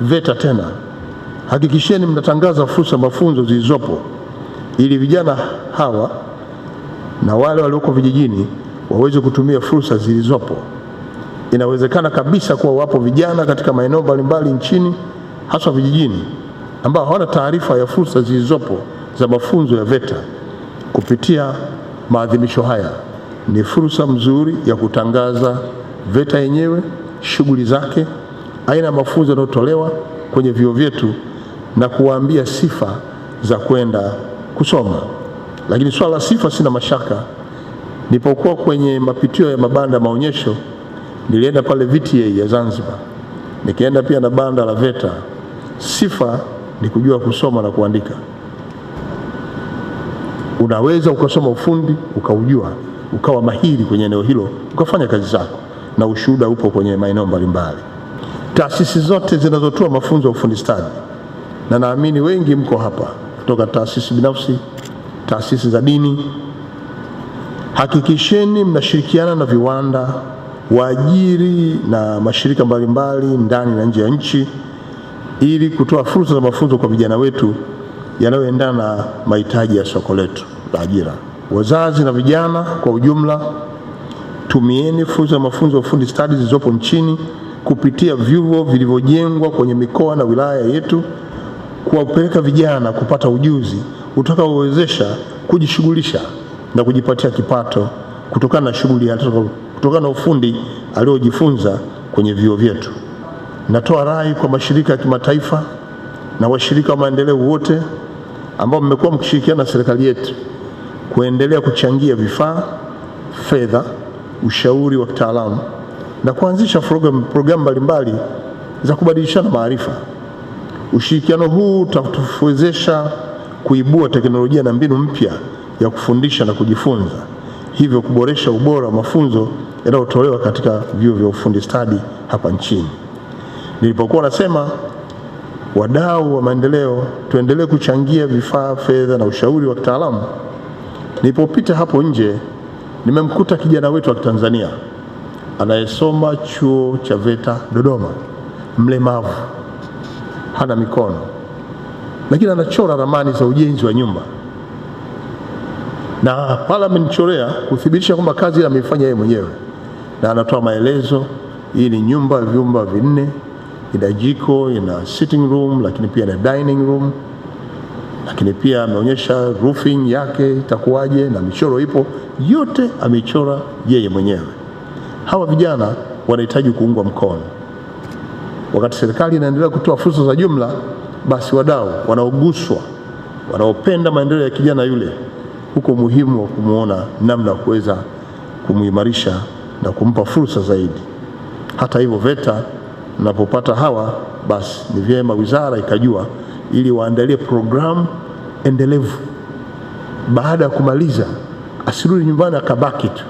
VETA tena. Hakikisheni mnatangaza fursa mafunzo zilizopo ili vijana hawa na wale walioko vijijini waweze kutumia fursa zilizopo. Inawezekana kabisa kuwa wapo vijana katika maeneo mbalimbali nchini haswa vijijini ambao hawana taarifa ya fursa zilizopo za mafunzo ya VETA. Kupitia maadhimisho haya, ni fursa mzuri ya kutangaza VETA yenyewe, shughuli zake aina ya mafunzo yanayotolewa kwenye vyuo vyetu na kuwaambia sifa za kwenda kusoma. Lakini swala la sifa sina mashaka. Nilipokuwa kwenye mapitio ya mabanda maonyesho, nilienda pale VTA ya Zanzibar, nikaenda pia na banda la VETA. Sifa ni kujua kusoma na kuandika. Unaweza ukasoma ufundi ukaujua, ukawa mahiri kwenye eneo hilo, ukafanya kazi zako, na ushuhuda upo kwenye maeneo mbalimbali taasisi zote zinazotoa mafunzo ya ufundi stadi, na naamini wengi mko hapa kutoka taasisi binafsi, taasisi za dini, hakikisheni mnashirikiana na viwanda, waajiri na mashirika mbalimbali ndani na nje ya nchi ili kutoa fursa za mafunzo kwa vijana wetu yanayoendana na mahitaji ya soko letu la ajira. Wazazi na vijana kwa ujumla, tumieni fursa za mafunzo ya ufundi stadi zilizopo nchini kupitia vyuo vilivyojengwa kwenye mikoa na wilaya yetu, kuwapeleka vijana kupata ujuzi utakaowezesha kujishughulisha na kujipatia kipato kutokana na shughuli, kutokana na ufundi aliojifunza kwenye vyuo vyetu. Natoa rai kwa mashirika ya kimataifa na washirika wa maendeleo wote ambao mmekuwa mkishirikiana na serikali yetu kuendelea kuchangia vifaa, fedha, ushauri wa kitaalamu na kuanzisha programu program mbalimbali za kubadilishana maarifa. Ushirikiano huu utatuwezesha kuibua teknolojia na mbinu mpya ya kufundisha na kujifunza, hivyo kuboresha ubora wa mafunzo yanayotolewa katika vyuo vya ufundi stadi hapa nchini. Nilipokuwa nasema wadau wa maendeleo tuendelee kuchangia vifaa, fedha na ushauri wa kitaalamu, nilipopita hapo nje nimemkuta kijana wetu wa Kitanzania anayesoma chuo cha VETA Dodoma, mlemavu, hana mikono, lakini anachora ramani za ujenzi wa nyumba, na pale amenichorea kuthibitisha kwamba kazi ile ameifanya yeye mwenyewe, na anatoa maelezo. Hii ni nyumba vyumba vinne, ina jiko, ina sitting room, lakini pia ina dining room lakini pia ameonyesha roofing yake itakuwaje na michoro ipo, yote ameichora yeye mwenyewe hawa vijana wanahitaji kuungwa mkono. Wakati serikali inaendelea kutoa fursa za jumla, basi wadau wanaoguswa, wanaopenda maendeleo ya kijana yule, huko umuhimu wa kumwona namna ya kuweza kumuimarisha na kumpa fursa zaidi. Hata hivyo, VETA napopata hawa, basi ni vyema wizara ikajua, ili waandalie programu endelevu. Baada ya kumaliza asirudi nyumbani akabaki tu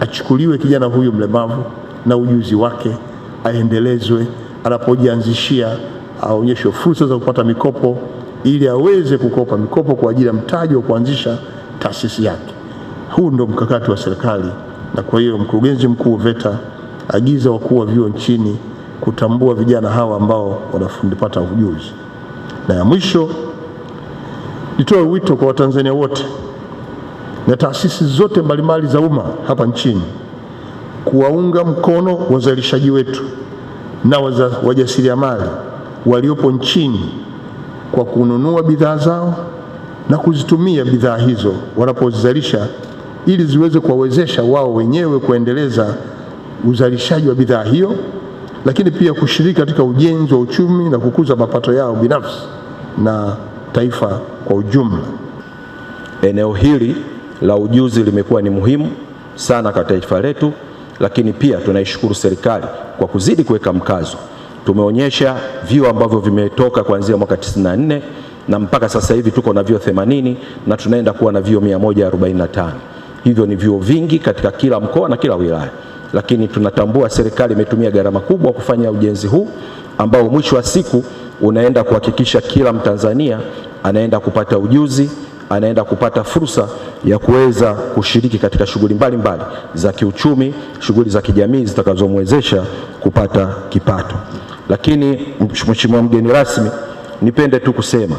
achukuliwe kijana huyu mlemavu na ujuzi wake aendelezwe, anapojianzishia aonyeshwe fursa za kupata mikopo ili aweze kukopa mikopo kwa ajili ya mtaji wa kuanzisha taasisi yake. Huu ndo mkakati wa serikali, na kwa hiyo mkurugenzi mkuu VETA agiza wakuu wa vyuo nchini kutambua vijana hawa ambao wanafundipata ujuzi. Na ya mwisho nitoe wito kwa Watanzania wote na taasisi zote mbalimbali za umma hapa nchini kuwaunga mkono wazalishaji wetu na wajasiriamali waliopo nchini kwa kununua bidhaa zao na kuzitumia bidhaa hizo wanapozizalisha ili ziweze kuwawezesha wao wenyewe kuendeleza uzalishaji wa bidhaa hiyo, lakini pia kushiriki katika ujenzi wa uchumi na kukuza mapato yao binafsi na taifa kwa ujumla. Eneo hili la ujuzi limekuwa ni muhimu sana kwa taifa letu, lakini pia tunaishukuru serikali kwa kuzidi kuweka mkazo. Tumeonyesha vyuo ambavyo vimetoka kuanzia mwaka 94 na mpaka sasa hivi tuko na vyuo 80 na tunaenda kuwa na vyuo 145. Hivyo ni vyuo vingi katika kila mkoa na kila wilaya, lakini tunatambua serikali imetumia gharama kubwa kufanya ujenzi huu ambao mwisho wa siku unaenda kuhakikisha kila Mtanzania anaenda kupata ujuzi anaenda kupata fursa ya kuweza kushiriki katika shughuli mbalimbali za kiuchumi, shughuli za kijamii zitakazomwezesha kupata kipato. Lakini Mheshimiwa mgeni rasmi, nipende tu kusema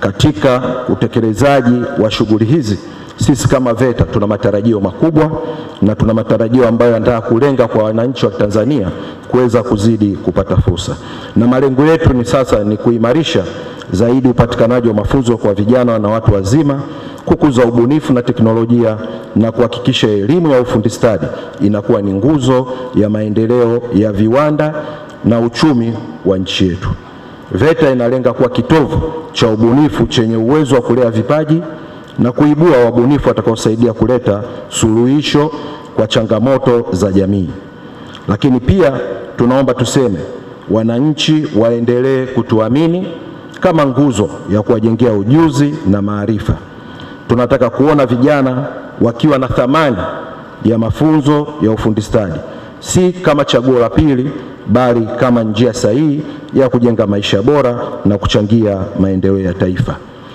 katika utekelezaji wa shughuli hizi sisi kama VETA tuna matarajio makubwa na tuna matarajio ambayo yanataka kulenga kwa wananchi wa Tanzania kuweza kuzidi kupata fursa, na malengo yetu ni sasa ni kuimarisha zaidi upatikanaji wa mafunzo kwa vijana na watu wazima, kukuza ubunifu na teknolojia na kuhakikisha elimu ya ufundi stadi inakuwa ni nguzo ya maendeleo ya viwanda na uchumi wa nchi yetu. VETA inalenga kuwa kitovu cha ubunifu chenye uwezo wa kulea vipaji na kuibua wabunifu watakaosaidia kuleta suluhisho kwa changamoto za jamii. Lakini pia tunaomba tuseme, wananchi waendelee kutuamini kama nguzo ya kuwajengea ujuzi na maarifa. Tunataka kuona vijana wakiwa na thamani ya mafunzo ya ufundi stadi, si kama chaguo la pili, bali kama njia sahihi ya kujenga maisha bora na kuchangia maendeleo ya taifa.